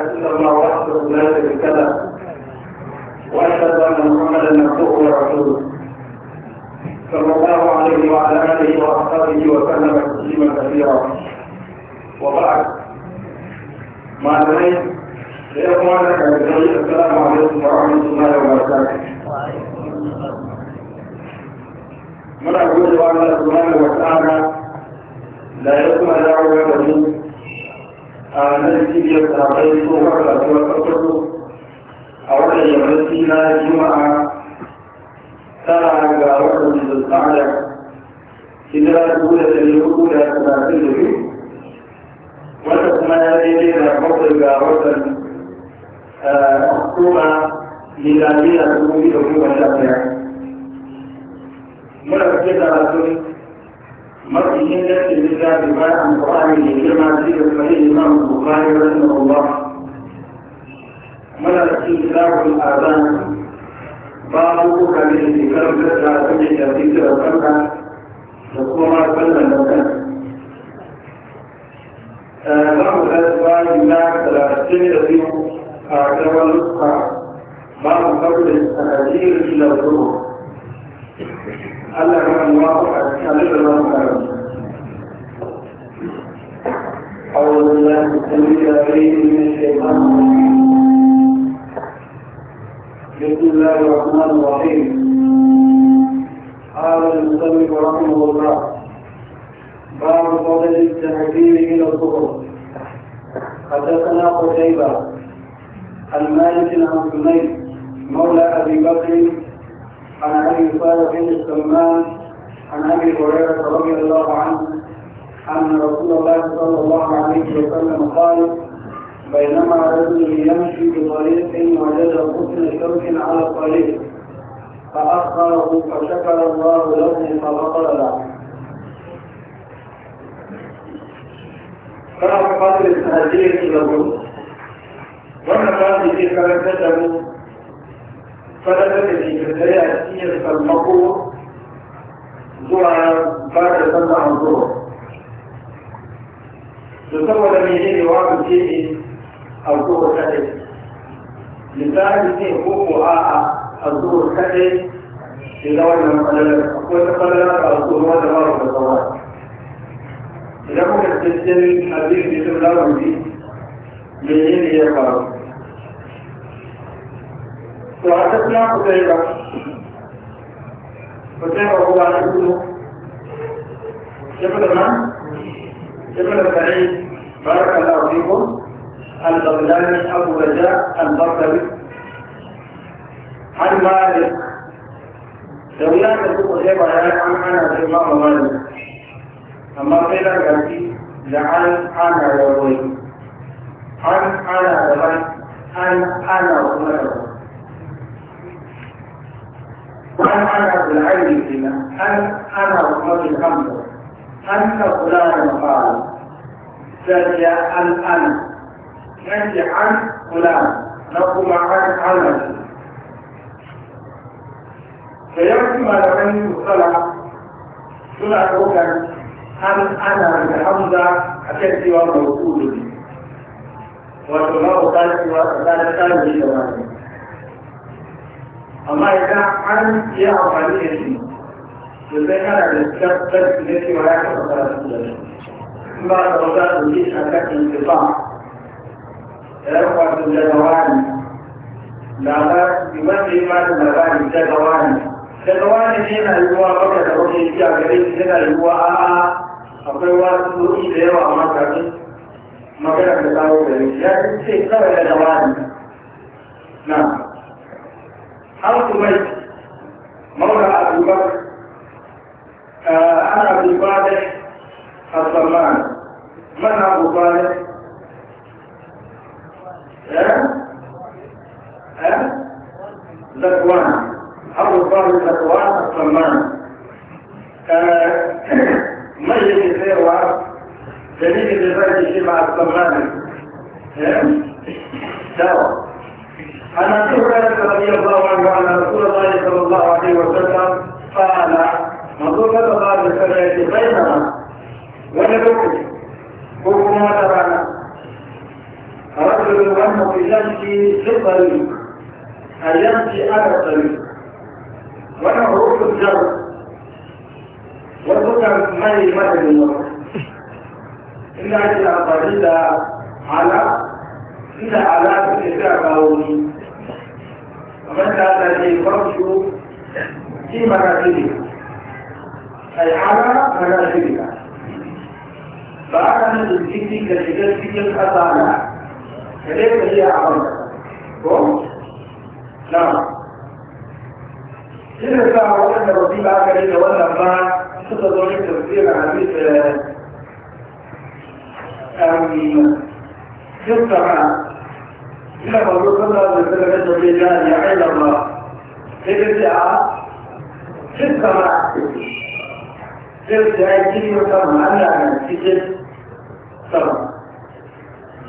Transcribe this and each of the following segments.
إلا الله وحده لا شريك وأشهد أن محمدا عبده ورسوله صلى الله عليه وعلى آله وأصحابه وسلم تسليما كثيرا وبعد ما ذلك يا إخوانك السلام عليكم ورحمة الله وبركاته من أقول الله سبحانه وتعالى لا يسمع دعوة الدين a nan cibiyar sahabai ko har kasuwar kafarko a wannan yammaci na juma'a tara ga watan zulqa'ada hijira dubu da ɗari uku da talatin da biyu wanda kuma ya daidai da bakwai ga watan kuma miladiya dubu biyu da kuma sha biyar muna kake karatun مرئيين لك بالله بفاء عن قرآن الجمع في الصحيح إمام البخاري رحمه الله ملأ في كتاب الآذان بعضه كان يتكلم لك على سمع تأثير الفرقة تكون فلا مكان بعض الأسباب هناك ثلاثين فيه أعتبر نسخة بعض قبل التأثير إلى الظروف Allah ya kan wafa a cikin da zama karin. أعوذ من الشيطان بسم الله الرحمن الرحيم قال المصنف رحمه الله باب فضل التحذير إلى الظهر حدثنا قتيبة عن مالك عن حميد مولى أبي بكر عن أبي صالح بن السمان عن أبي هريرة رضي الله عنه أن رسول الله صلى الله عليه وسلم قال بينما رجل يمشي بطريق وجد حسن شوك على الطريق فأخره فشكر الله له فغفر له فأخذ التهجير إلى الروس وأنا كان في كارثته فلaka da ke tattare a cikin sammako zuwa ba da sallah a zuwa to saboda mene ne wa ce ne a zuwa kaɗai misali ne ko ko a'a a zuwa kaɗai إذا وجد مقللا أقول مقللا فأصول هذا بارك الصلاة إذا كنت تستمع حديث بسم الله ودي من إيه يقرأ وحدثنا قتيبة قتيبة هو عن ابنه ابن من؟ ابن سعيد بارك الله فيكم البغدادي أبو رجاء البغدادي عن مالك دولة أبو قتيبة يعني عن أنا الإمام مالك أما قيل لك لعن أنا يا عن أنا لمن أن أنا أمرك حديثنا هل أنا رضي الحمد هل فلان قال فجاء الآن نجي عن فلان نقوم عن عمل فيكمل عنه صلاة صلاة ركن هل أنا بحمزة أشد وموجود وتناول ذلك وذلك ثاني amma idan an yi amfani da shi to zai kana da tabbatar da cewa ya taɓa karatu da shi in ba da wata ɗauki shi a kan intifa da ya kwato da gawani labari wanda ya ba da labari da gawani da gawani ne yana yiwuwa baka da wani yake a gare shi yana yiwuwa a'a akwai wasu nau'i da yawa amma kafin magana da kawo gare shi ya ce kawai da gawani na حرف ميت مولى أبي بكر آه، أنا أبي صالح الصمان من أبو صالح؟ ذكوان أبو صالح ذكوان الصمان ميت سيروا جميل بذلك مع الصمان دواء عن ابي هريره رضي الله عنه ان رسول الله صلى الله عليه وسلم قال منظور صلى الله عليه وسلم بيننا ونبكي حكم ترانا رجل يهم بنفسه في الطريق ان يمشي على الطريق وانا حروف الجر وذكر مالي مثل المرء إلا أجل أقل على إلى على كل شعب مثلا الفرش في مناخبها أي على مناخبها فأنا من الجنس كشجر في الأطالة فليس هي عملها نعم إذا كان وأن ربي أكل إذا ولا ما تتضمن تفسير حديث أم آه، آه، يفتح كما قالوا صلى الله عليه وسلم يدعو الرجال يا عين الله ارجع في السماء ارجع كلمة سماء أنا في سماء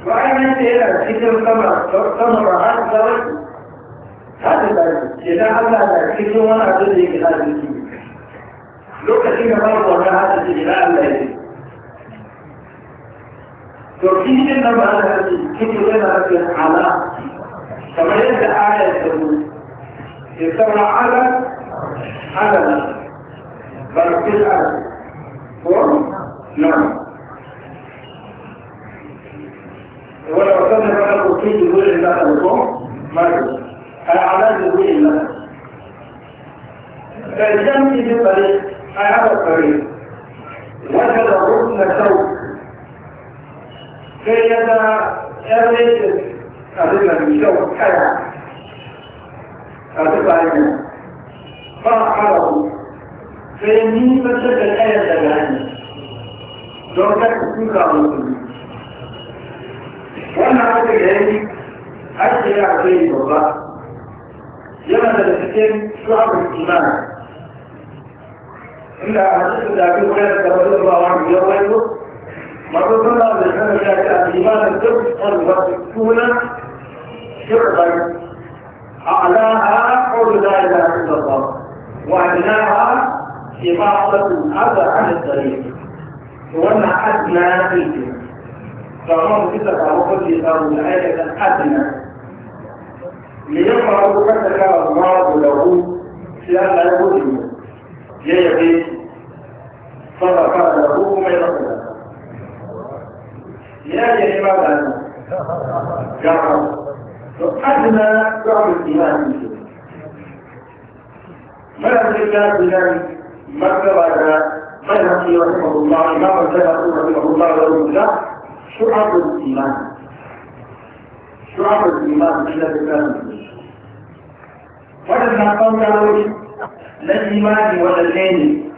وأنا إلى كلمة سماء سماء هذا هذا إذا هذا كلمة وأنا أدري كذا الكلمة لو كثير مرة هذا الجلال لا يجوز to shi ne nan ba da kace kike yana da ala كما يبدا آية تقول يسمى علم علم بل في الأرض نعم ولو كان هذا الوكيل يقول الله الحكم ما يقول العلاج يقول كان فالجنب في الطريق أي هذا الطريق وجد الركن سوء كي يتأريد 啊，这个你肉太软，啊，这个人放开了，所以你们这个太阳的人，要开始思考问题。wannan wata gari har da ya kai babba yana da cikin sabon imani inda a cikin da abin wani da wani ba wani ya wani masu suna da sanar da ta imanin duk wani wasu suna شعبا أعلاها قول لا إله إلا الله وأدناها إماطة الأذى عن الطريق وأنا أدنى فيكم فهم كتب على قدر صار الآية الأدنى ليقرأ كتب الله له في أن لا يقدم يبي صدق له ما يقدم يا جماعة جرب أدنى بعض الإيمان فلم تكن بذلك مكتب على بيهقي رحمه الله إمام البيهقي رحمه الله رحمه الله شعب الإيمان شعب الإيمان إلى بلاد ولما قول للإيمان والدين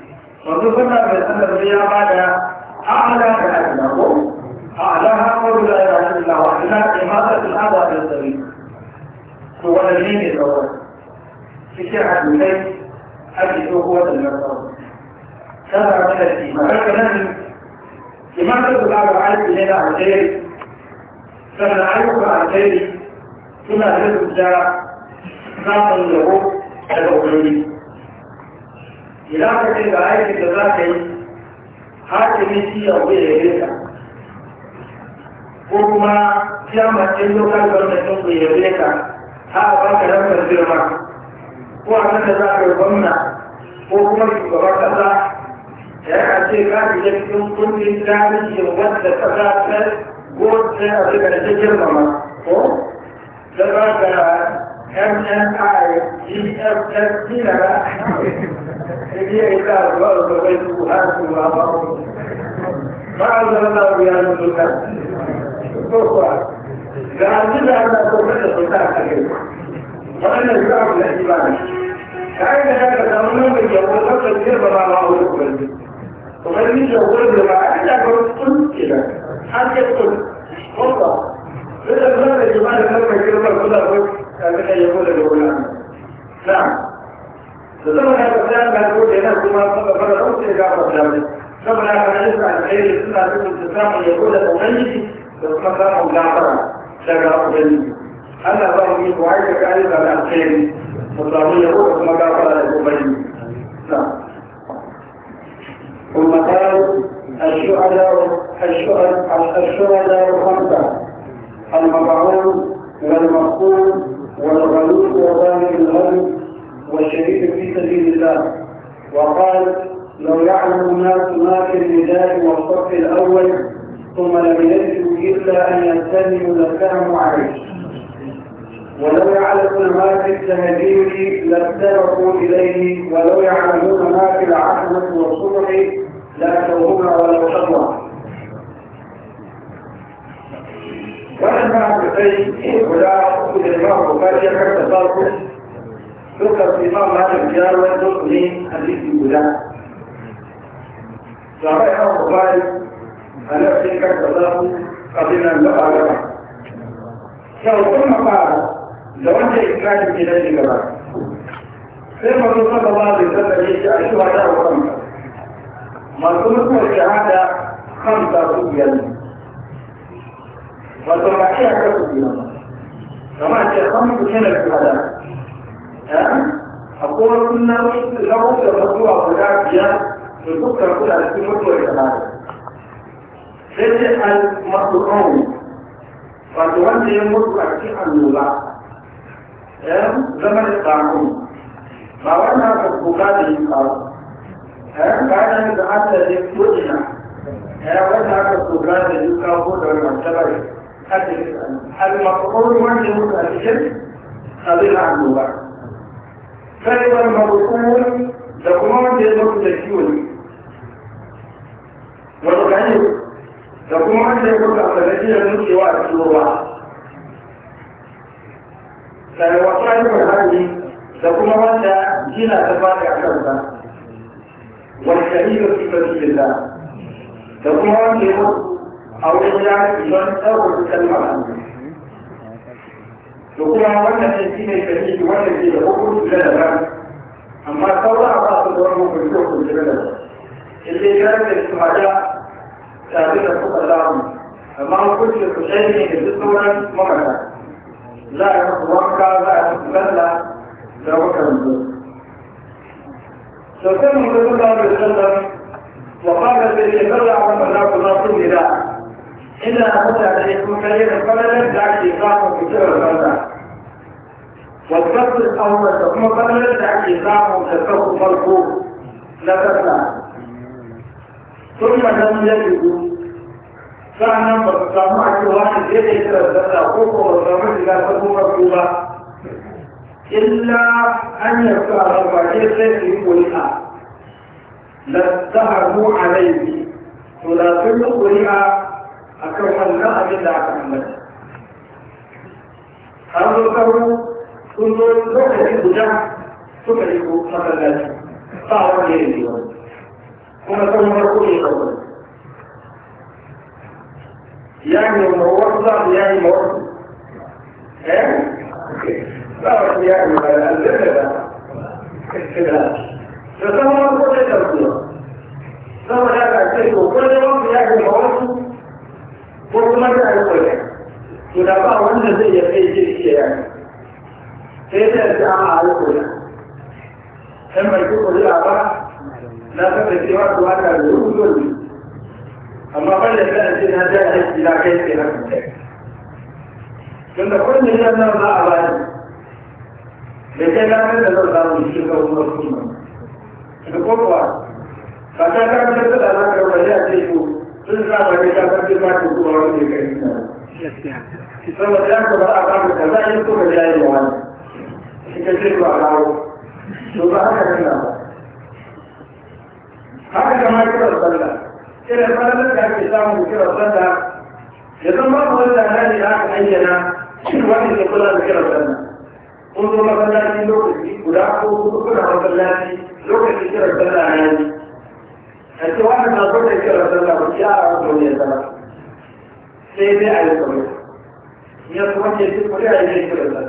وذكرنا بأن الرياضة أعلى بأدنى أعلاها قول لا إله إلا الله إلى إمارة الأذى بالطريق هو الدين الأول في شرعة البيت أجد قوة المرضى سبع من الدين ولكن لما تقول على العالم اللي عن غيري فمن عيوك عن غيري ثم أهلكم جاء ناطن له الأولين إلا فكرة بعيد آية الزكاة حاكمي في أولي إليك ko kuma kiyama ɗin lokacin في ta a baka lambar girma ko a nan da za ka gwamna ko kuma shugaban kasa da ya ce ka fi da cikin kundin tarihin wadda kasa ta goce a cikin da ta girmama ko da ba ka MNI GFSC na ba da biya ita zuwa da bai su har su ba ba ba a zama na wuya da dukkan ko kuwa فعندنا أن تفرد الصلاة كثيرا وأن الشعب الإجباري كان هذا تماما يوقف الكلمة مع الله أكبر ومن يجي يقول لما أحد أقول قلت كده حد يقول والله إذا كان الجمال لما الكلمة كلها لك يقول الأولى يعني. نعم فطبعا هذا الكلام هنقول لنفسه ما قبل أوصي إجابة ذلك طبعا هذا يسمع الخير يسمع الانتسام يقول الميت يتمكن من العبارة daga ubangiji Allah ba mu yi wa aika kare da alheri mu samu ثم قال الشهداء الشهداء خمسة المبعوث والمقتول والغلوب وظالم الغلب والشهيد في سبيل الله وقال لو يعلم الناس ما في النداء والصف الاول ثم لم يجد إلا أن ينتهوا لكانوا عليه ولو يعلمون ما في التهجير لاتبقوا إليه ولو يعلمون ما في العهد والصبح لأتوهما ولو شطرا ولما بقي ولا أقول الإمام البخاري حتى صاروا ذكر في إمام هذا الجار والذكر من حديث الولاء صحيح الإمام البخاري أنا في حتى صاروا abin nan gaba sau kuma fara da wanda ikrarin ke shi gaba sai masu ba da zaka ne shi a shiwa da kanka masu mutuwar shahada kanka su biyar ne Masu ba iya ka su biyar ba kama ce kanku kina shahada eh? A wasu nau'in da da mutuwa guda biyar da dukkan kuɗa cikin mutuwar shahada sai ce al-mas'ud wato wanda ya mutu a cikin allura yan zama da samu ba wannan ba buka da yi kawo yan kayan da aka yi kodina yan wanda aka buka da yi kawo da wannan tabar al-mas'ud wanda ya mutu a cikin abin allura sai wani mabukuwar da kuma wanda ya mutu da ciwo ne wani gani da kuma wanda ya kuka sanadiyar nukewa a cikin ruwa sai wata yi mai hali da kuma wanda gina ta fadi a kansa wani shahidu fi sabilillah da kuma wanda ya mutu a wurin yaki don tsawon kalmar hannu da kuma wannan ne shi ne shahidu wanda ke da hukunci na daban amma sauran ba su da wani hukunci hukunci na daban. Ilai ya rage su hada tare da suka samu amma hukuncin su ɗaya ne da duk sauran mamata za a yi wanka za a yi sallah da makarantu sosai mun ga sallah da sallah wa fara da ke sallah a wannan za ku za ku gida ina mutane kuma kare da falalar da ake samun fitowar sallah والفصل الأول ثم قبل ذلك ساعة تكون مرفوض لا تسمع ثم لم يجدوا فأنا سمعت واحد يدعي تلزقنا أخوكم وسامع إلى تكون مكتوبه إلا أن يبقى ربعي سيدي قلها لاتهموا عليه ثلاثين قلها أكمل لا أجد أكمل أمركم كنتم تحرقوا جهة تحرقوا مثلا صار غير اليوم kuma kan farko ne kawai ya ne mawar za mu ya ne mawar eh za mu ya ne mawar aljanna da da sama farko ne kawai sama da ka ce ko ko da wani ya ne mawar ko kuma da ai kawai to da ba wanda zai ya kai kirki ya ne sai da ta ma ai kawai dan bai ko da ba na saka cewa su haka da rukun amma ban da kana ce na ja aiki na kai ke nan tunda kullum nan nan za a bani da kai na kan da zan samu shi ga wannan kuma da ko kuwa ba ta kan da da na ga wani a ce ko sun sa ba ta kan da ba ko wani ne kai na saboda ya ko ba a ba ka za a yi ko da yayi wani shi ka ce ba kawo to ba haka kana ba haka kama kiran sallah kiran sallah da ake samu kiran sallah ya zan ba wanda na ne aka ayyana shin wani ke kula da kiran sallah kun zo masallaci lokaci guda ko kuma kuna masallaci lokaci kiran sallah na ne a ce wannan na zo da kiran sallah ba ki ara wani ya zama sai dai a yi kamar ya kuma ke duk wani a yi kiran sallah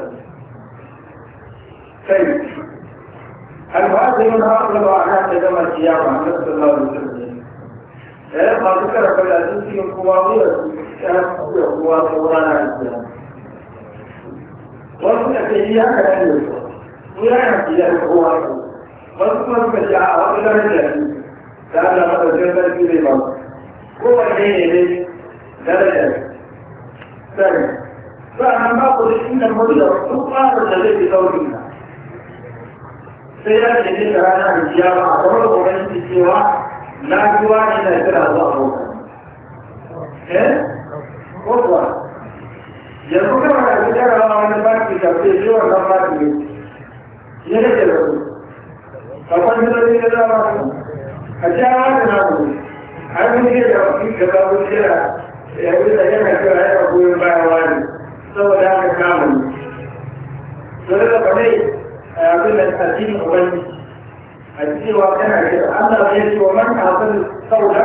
kai الوازم الأرض وعناك يوم القيامة نسأل الله الجنة إيه، ما ذكر في العزيز في القواضية إيه، ورانا أن هذا أتيجيها كان يسوع ويانا إلى القواضية ومن مشاعة وإلى الجنة كان لقد جنة في هو الدين إليه درجة ثانية فأنا ما قلت إن المدير هو قادر لديه دورنا sai ya ce ne da rana da ziyara a kamar kokarin da cewa na kuwa ne na kira zuwa abokan eh ko kuwa yanzu kuma na fi jarawa wani baki da ke shi wannan baki ne ya ne ke da su akwai jirage da dama su a jarawa da namu har mun ke da wasu gaba mun jira ya wuce yana kira yana goyon bayan wani saboda haka kamun. Sai da kwanai abin da addinin ubangiji الدين وكان كده أما بيت ومن حاصل قولا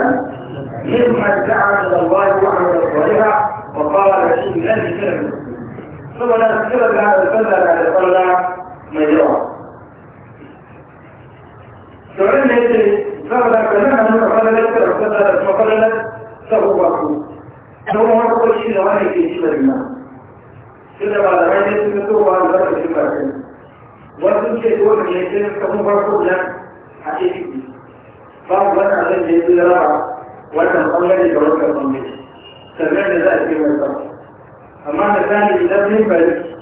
ممن دعا إلى الله وعمل صالحا وقال رسول الله كلمة ثم لا تكتب هذا الفضل على صلى مجرى سؤال ليس فقد كلمة أنه قال لك الفضل وقال لك فهو مقبول هو هو كل شيء لو أنا كيف يشبه الله كده بعد ما يجب أن تكون هذا الفضل wasu ce ko da ya ce ta kuma farko nan a ciki ba wannan abin da ya fi raba wannan bangare da wannan bangare sannan da za a ce mai sama amma da sani idan mun bari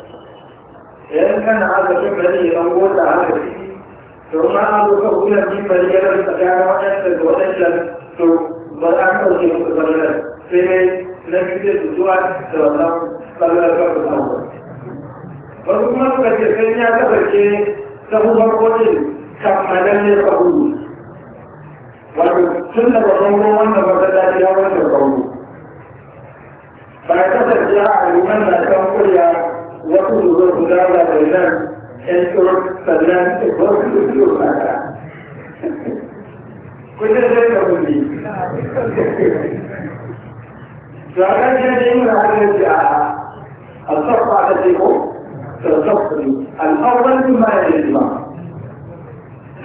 idan kana aka fi bari ya zango ta haka ciki to ma an zo ka kula min bari ya rabu tsakanin waɗansu da waɗansu to ba za ka ɗauke musu bangaren sai dai na fi zai zuwa da wannan bangaren ka fi samu wasu kuma suka ce sai ya kasance sahu farko ne kammalan ne sahu wato tun da ba zango wanda ba ta dace ya wanda sahu ba ya kasance a aliman na kan kuriya wasu su zo su dawo da nan yan tsoron sannan ba su su ciwo kaka kun da zai ka kundi to a kan jirgin yin rahar da a a sarfa da teku في الفصل الأول ثم الإجماع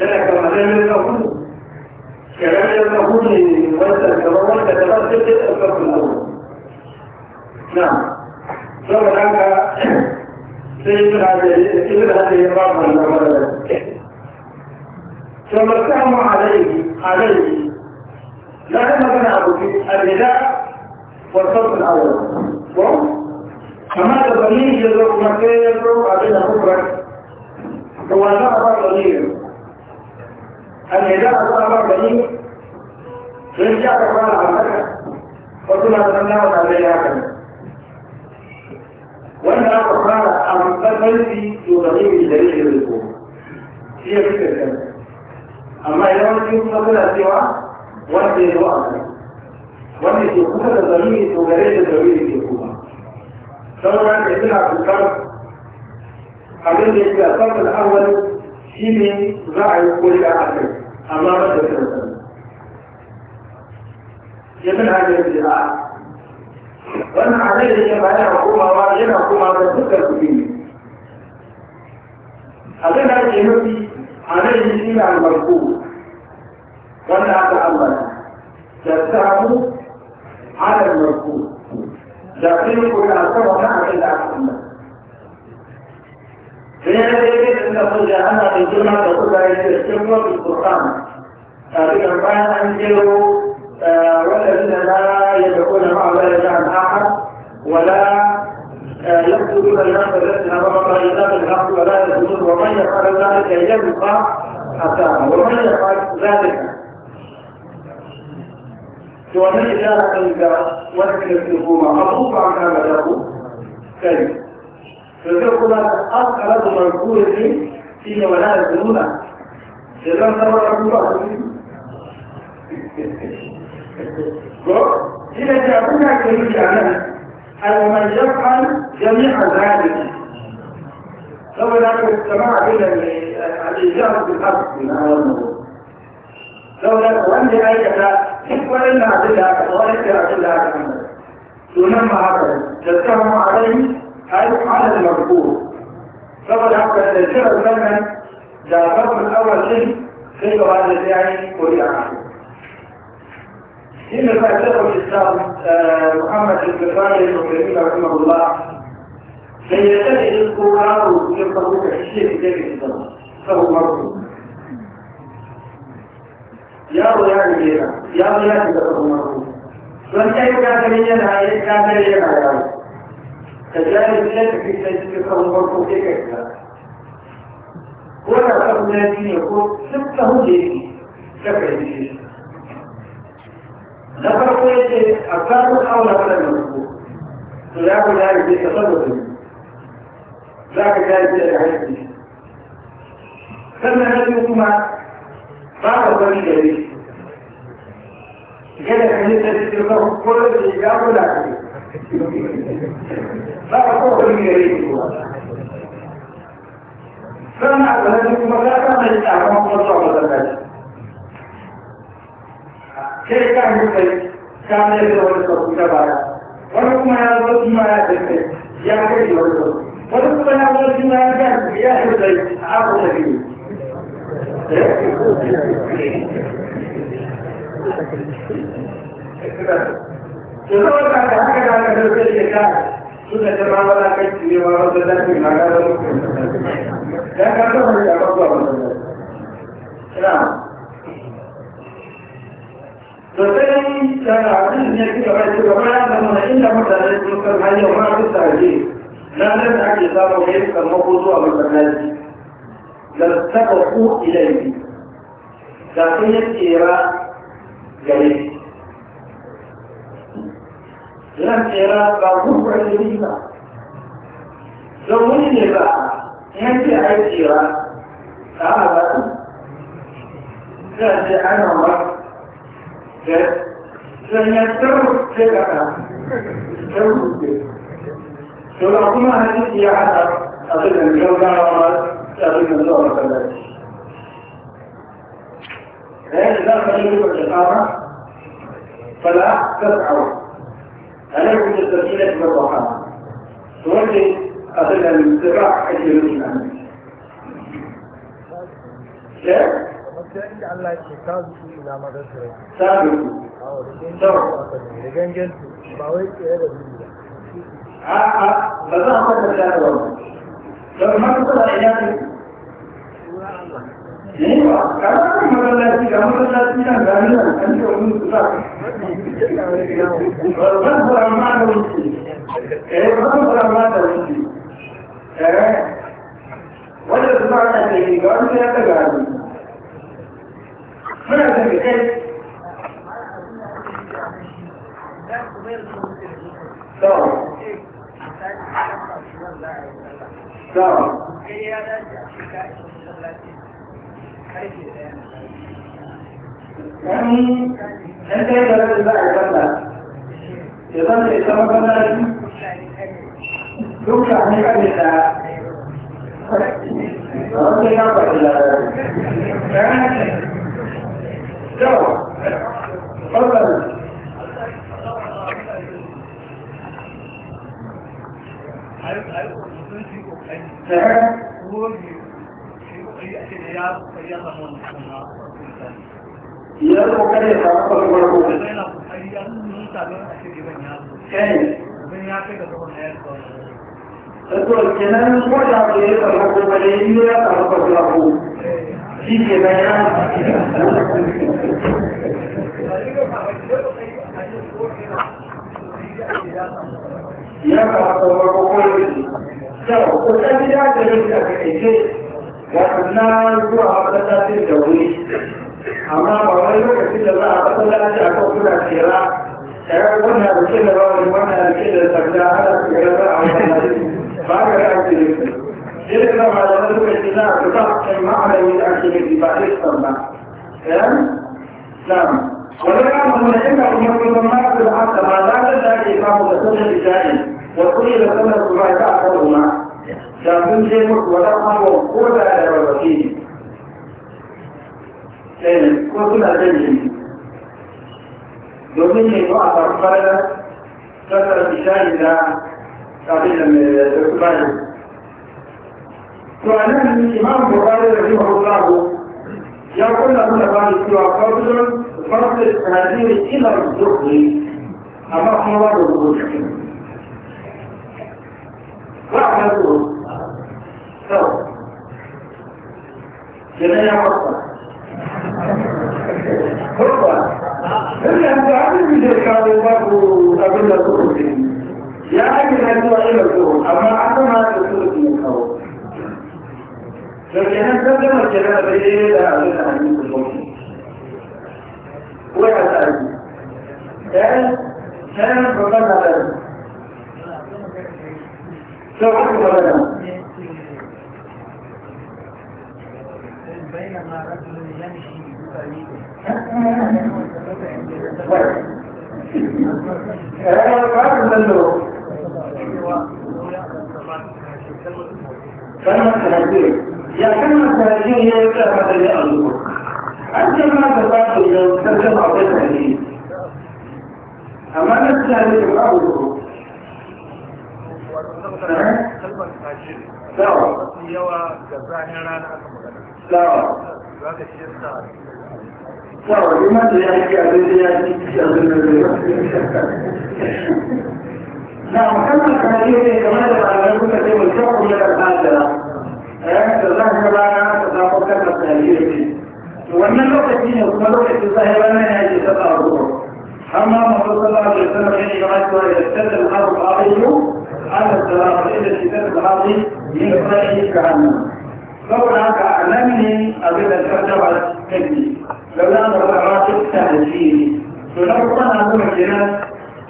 ذلك كما نعم. كان يكن كلام يكون يوسع كمان كتبت في الفصل الأول نعم ثم هناك سيد هذه سيد هذه الرابعة الأولى ثم اتهم عليه عليه لا يمكن أبو النداء والفصل الأول فماذا ضمير يدور مكان يدور علينا مفرد هو لا أمر ضمير الإداء لا أمر ضمير يرجع كمان على مكة وكنا تمنعنا عليه هكذا وأن القرآن أمثل في ضمير الدليل للقوم هي فكرة كاملة أما إذا كنت يمكن أن سوى وأنت يدور وأنت يكون ضمير وغير ضمير يكون sauran da suna fitar abin da yake a samun awal shi ne za a yi koyi a kai amma ba da sauran ya fi hajjar da a wannan hajjar da ke bayan komawa yana komawa da dukkan kuɗi ne abin da ake nufi a nan shi ne albarku wanda aka ambata da samu halar marku دقيق الأسرة مع الأسرة من الذي أن تقول أنا بالجمعة تقول هذه الجمعة بالقرآن بالقرآن أنزلوا آه، والذين لا يدعون مع الله إلها آخر ولا آه، يقتلون الناس الذين ضرب إلا بالحق ولا يقتلون ومن يفعل ذلك يبقى أثاما ومن يفعل ذلك ومن إشارة عند وجه الحكومة مطلوب عن هذا كيف؟ فذكر أقرب منقوله في ولاء الجنونة إذا صار الجنونة إذا جاءتنا كريم جانا أو من يفعل جميع ذلك لو لا يستمع إلى الإجابة بالحق من هذا الموضوع لو لا تولي أي أداء duk waɗanda abin da aka tsawon da abin da aka kama sunan ma haka da tsawon alai ai alal marko saboda haka da shirar sannan da farkon awalin sai gaba da sai ai kori a haka إن فاتح الإسلام محمد البخاري المكرمين رحمه الله سيتجد القرآن في قبول الشيخ جميل الزمان فهو مرفوض yaro ya rike ka yaro ya shiga tsoron mako don kai ka gani yana ya ka gani yana yaro ka jari sai ka fi sai cikin tsoron mako sai ka shiga ko da ka kuma ne ko duk ka huje ne ka kai shi na farko yake a tsarin aula waɗannan mako to ya ku ya rike ka saboda za ka jari sai ka haifi sannan na biyu kuma بعد ذلك يجب كده حديث الاستغفار كل اللي جابه لا لا أقول من يريد فما أبهدك مكانا من الأعمام والصعبة الناس كيف كان يفعل كان يفعل الصوت كبارا ولكم يا رب ما يفعل يا كيف يفعل ولكم يا رب ما يفعل يا حزين أبو سبيل Sebenarnya kadang-kadang ada kerjaan sudah terbawa ke diri orang sedang di mana lalu dan kata mereka apa pun. Nah, Dosen dan artisnya kita baca kepada teman indah dari bukan hanya orang saja. Nanti akan kita mungkin kamu butuh apa saja. لم سبقوا إليه لكن الإيراء جليل لم إيراء بغفر الذين لو من الباء ينفي عن الإيراء تعالى لا أنا مرض لن يترك سبقا سبقا سبقا هذه هي عشر أصلا الجوزة ومرض تأخذ من دور الفلاس لأن لا خليفة الإقامة فلا تسعوا عليكم بالسكينة والرحمة تولي أصل الاتباع حيث الإسلام شيخ سابقوا a'a ba za a kwanta da yawa ba don matuƙar da yawa yawa ƙarfin matsalaci ga matsalaci nan ga nuna an ce wani kusa ban farama da wuce eh ban farama da wuce eh wanda su ba ka ta ga wani ya ta gani muna da kai So, so, wani ɗan ɗaya da rarrabe za a yi zanda ya zanda ya zama zanda da su duk da ne kan ya faɗi da rarrabe ya faɗi da ya faɗi da ya kokari ya samu kwakwar kuma yana kokari ya nuna sabon a cikin ban ya zo ban ya kai ga zaman ya zo Satuwar kenan ko da ke yi karfa ko bane yi ya karfa kwakwar ko shi ke na ya ya karfa kwakwar ko ne. Yau, ko ta gida da yadda ka ke wannan zuwa matasashin da wuri amma ba wani lokacin da za a matasashin a kan kuna kera tare wannan rikin da bawani wannan rikin da sabida hana su gara za a matasashin ba ga ake yi shi da ba da wani lokaci za a fita kai ma'amari da ake yi ba a yi ba ɗan sam wani kama mun da ina kuma kuma ma su da haka ma za ta dace samu da sanar da jari wa kuma da sanar su ba ta a kan ma da mun je mutu wata abuwa ko da da rarrafe ne sai ko suna jan jini domin ne ko a farfara kasar bishani na abin da mai da kuma ne to a nan imam bukari da jihar ulamu ya kunna muna ba da cewa kawunan farfar tsanadiyar ilar zurfi amma kuma ba da rubutu ba a kan جميع مرة مرة إلا أن تعلم من الكاد وبرد أبدا تؤذين يا أجل أن تعلم الكون أما عدم هذا تؤذين الكون فالجنان تقدم الجنان بإيه لا أعلم أن يكون ولا تعلم كان كان فقط هذا سوف تكون بينما رجل يمشي بطريقه كلمة هذه يا yawa yawa ga zanen rana aka magana yawa za ka shi yasa yawa ni ma da ya ci abin da ya ci ci abin da ya na musamman kamar yau ne kamar da malamai kuka ce mai kyau kuma da al'adara a yanzu da zanen rana aka samu kan da tsariyar wannan lokaci ne kuma lokacin zahirar nan ya ce ta tsaro amma masu sallallahu alaihi wasallam ya ce ma cewa ya tattalin abu a ayyuka على الصراط الذي في الصراط من خلفه جهنم فقل هكا أمامني أبدا ترتبع تجدي لولا أن الراتب تهجيني فنقطة أقول الجنان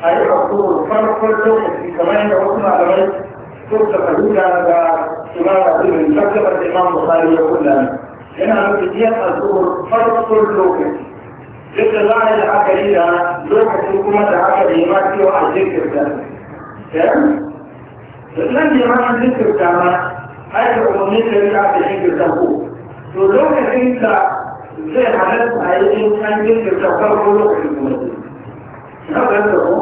أي أقول فرق فرق كمان يقول على غير فرصة فجولة على سمارة أقول من فكرة الإمام بخاري يقول لنا هنا نبتدي أقول فرق فرق جدا لا يلعب كريرا لوحة حكومة عقد يماكي وعجيك الكلام nan ne ma an jinkirta ma aka umarni da ya aka jinkirta ko to lokacin da zai halatta a yi in an jinkirta farko lokacin kuma na ba da ko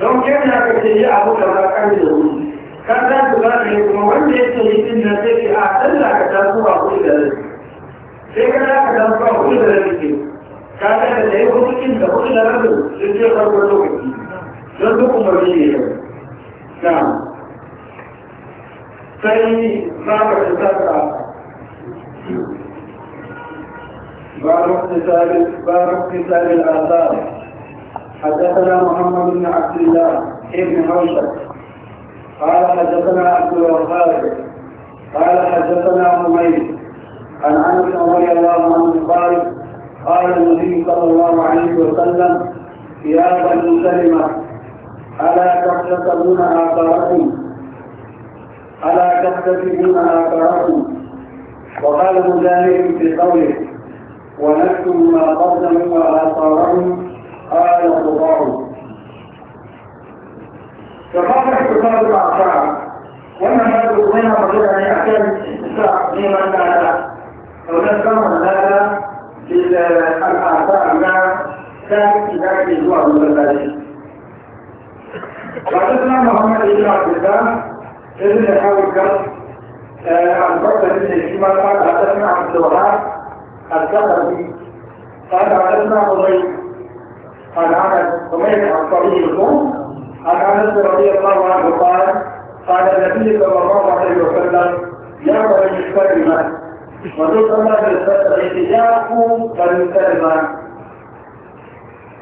don kenan aka ce yi abu da ba kan da wuri kan za ku za ka yi kuma wanda ya ce yi din nan sai a Allah ka taso a wuri da rai sai ka za ka taso a wuri da rai ke ka ga da ya hukuncin da wuri da rai sun ce farko lokaci don duk umarni ne yau. Na'am. باب اقتساب باب اقتساب الاثار حدثنا محمد بن عبد الله ابن هوشك قال حدثنا عبد الوهاب قال حدثنا حميد عن انس رضي الله عنه قال قال النبي صلى الله عليه وسلم يا بني سلمه الا تقتسمون اثاركم ألا ما آثاركم وقال مجاهد في قوله ونكتم ما قدموا وآثارهم قال الله فقال اختصار الآثار وأن هذا الأمين يعني قدر أن يحتاج استطاع لما وذكر هذا بالآثار ما كان في ذلك الجوع من البلد وحدثنا محمد بن عبد لازم نحاول كم آه، عن بعد من الإجتماع قال حدثنا عن الزوحات الذهبي قال حدثنا عضيف عن عمل حميد عن طريق الخوف عن انس رضي الله عنه قال قال النبي صلى الله عليه وسلم يا بني الكلمه وذكر الاتجاه فليسلم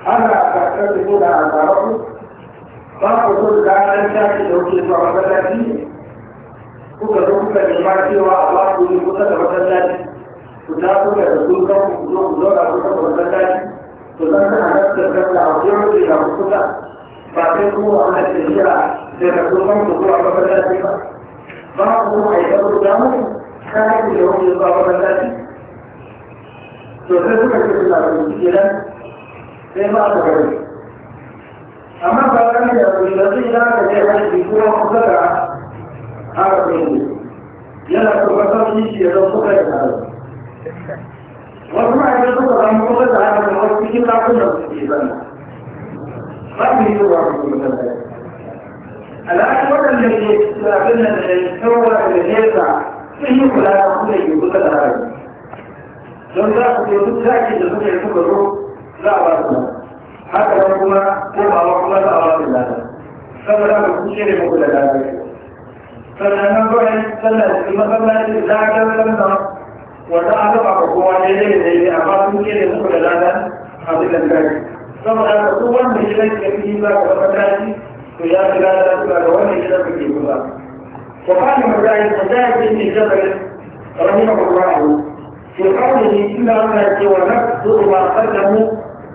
اما تحتسبون ربك ba ku so da ranar tashi da kuke zuwa masallaci kuka zo kuka nema cewa a ba ku yi kusa da masallaci ku ta kuka da su kan ku zo ku zauna kusa da masallaci to zan kana nan ta kanta a wajen da ya kusa ba yi kuma a wannan shirya da ka zo kan ku zuwa masallaci ba ba ku so a yi karo da mu kana ku da kuke zuwa masallaci to sai suka ce da kuke nan sai ba a gaba amma ba kan da yanzu za ka je aiki kuma kusa da harafin yana tabbatar shi shi ya zama kusa da harafin wasu ma'aikata suka zama kusa da harafin wasu cikin lafiyar da suke zama ba su yi zuwa su kuma da al'adun waɗanda ke abin da ne saboda da nesa sun yi kula da kuma yi kusa da harafin don za ku je duk zaki da suka yi suka zo za a ba su haka nan kuma ko ba ma kuma za a ba da lada saboda ka kushe ne muku da lada sannan nan bayan sallar cikin masallaci za ka san da wanda an gaba ka kowa daidai da daidai amma kushe ne muku da lada a cikin kai saboda ka duk wanda ya rage ka fi ba ka masallaci to ya fi lada ba ga wanda ya rage ke kuma وقال مجاهد مجاهد بن جبل رحمه الله في قوله إلا أن ونكثر ما قدموا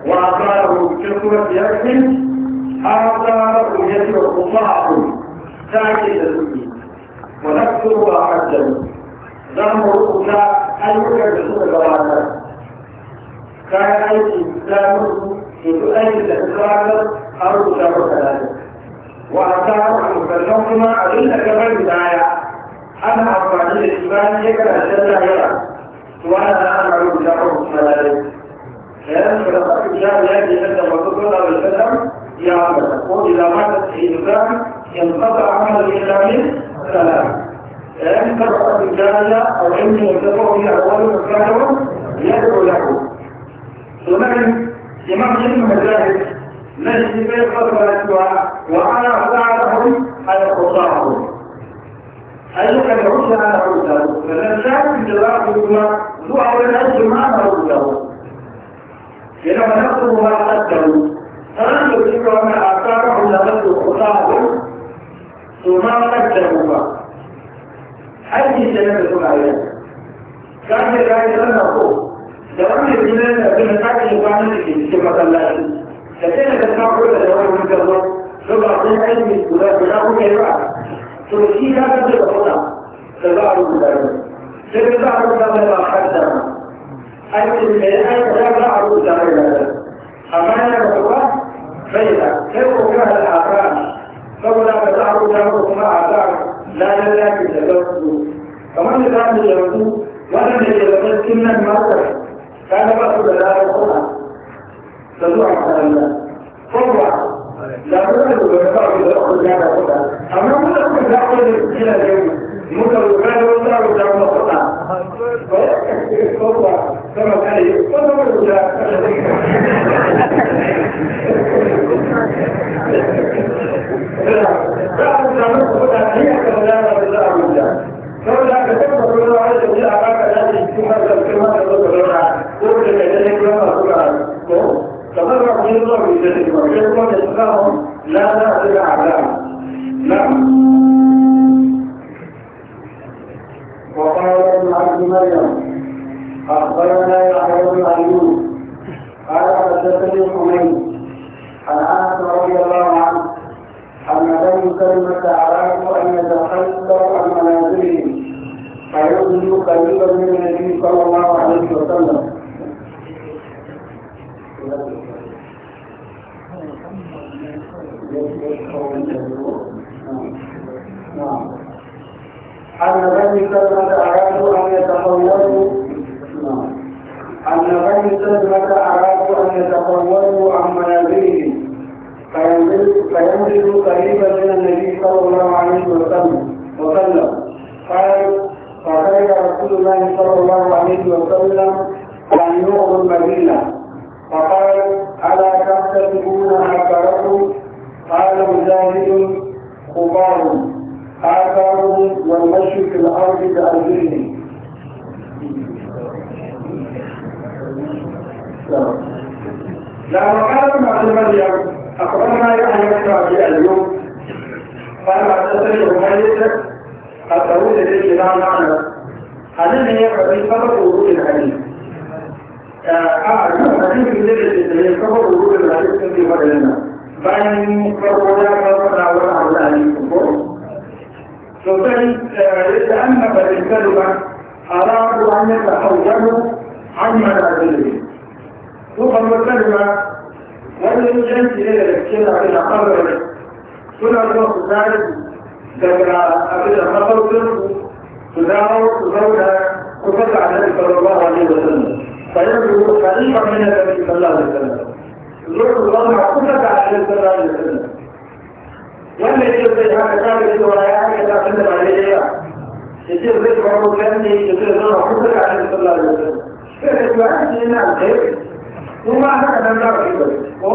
وأقاله بكثرة يكفي آثاره رؤيته قطاعه تأكيد الدين ونكثرها حدا ذنب القطاع أن يكفي الغوانا كان أيدي إسلامه يتؤيد إسرائيل أو تشارك ذلك وأثار المكلمة أدلة كمان بداية أنا أفعل الإيمان يكره الجنة يرى وأنا أعمل بشرف كذلك كلام خلافات الشعب الذي قدم الرسول صلى الله عليه وسلم يعمل يقول اذا ماتت ينقطع عمل الاسلام سلام كلام خلافات الجاهليه او ان يرتفع به اول مكانه يدعو له ثم إمام ابن مجاهد نجد في قصرة وأنا أطاعتهم أن أطاعهم أيك العسى أنا عسى فلن شاك في جلاله ذو أولا أجل ما أنا إنما نقصوا ما قدروا فلم يدركوا أن آثارهم لبثوا خطاهم ثم قدروا حيث سلامة عليهم كان ذلك نقول da wannan jinin da suna sake kwanan da ke cikin masallaci da ke da kasa ko da da wani gaba to ba kun aiki guda guda kuka yi ba to shi ya kace da kuka da za a rubuta ne sai da za a rubuta mai ba har da أنت من أنت لا معروف غير أمانة الله فإذا تبقى فيها الآثام فولا فتعرف جمعكما آثام لا لا تتلوث فمن كان يتلوث ولم يتلوث كنا مرة كان بأس لا يقول تدعو على الله فولا لا يوجد بأس لا يقول أما كل لا يقول إلى اليوم muka roƙa da wani tsaro da kuma kuɗa. Kuma kana yi, kuma kuma da wuta, عليه وسلم وسلم قال فخير رسول الله صلى الله عليه وسلم أن يعظم المدينة فقال ألا تحتسبون آثاركم قال مجاهد خبار آثارهم والمشي في الأرض بأرجلهم لما قال ابن مريم أخبرنا يحيى بن أبي أيوب قال حدثني قد الطاووس لديه لا معنى هل من يقضي سبب ورود الحديث أعلم الحديث الذي سبب ورود الحديث في بدلنا بين فرقنا فرقنا الحديث كفر فبين لأن الكلمة أرادوا أن يتحولوا عن منازلهم وقد ولم يجد إلى الكلمة إلى قبره suna zuwa su tashi daga abin da mafarkin su dawo su zauna kusa da annabi sallallahu alaihi wa sallam fayyadu khalifa min annabi sallallahu alaihi wa sallam zuwa su zauna kusa da annabi sallallahu alaihi wa sallam wanda ya ce zai haka tashi cewa ya haka tashi da ba daidai ba يصير ذكر مكان يصير ذكر حضرتك عليه الصلاة والسلام فكرة الواحد إنها الخير وما هذا من دار الحبل هو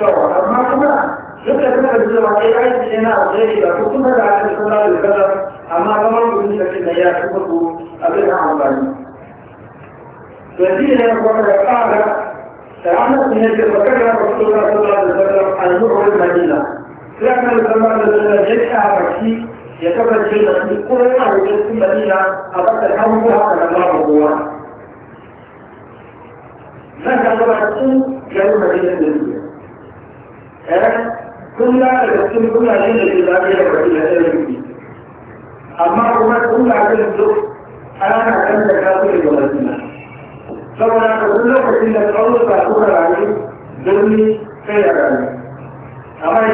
سوى ما كمان duka suna da cewa sai ya yi yana a tsaye ba ko kuma da aka sallah da sallah amma kamar mutum da kin ya tuka ko abin da amfani to shi ne ko da fara sa'ana ne da bakara da sallah da sallah al-zuhur madina sai kan sallah da sallah ya ta baki ya kasance da shi ko a wajen madina a bakar hannuwa da Allah kowa nan da ba su yau madina da su eh suna da cikin kudaden da ke zafi da kwaci da ɗaya biki amma kuma kudaden duk ana kan da kasu da gwamnatina saboda ka duk lokacin da tsawon ka kuka rayu don ni sai ya rayu amma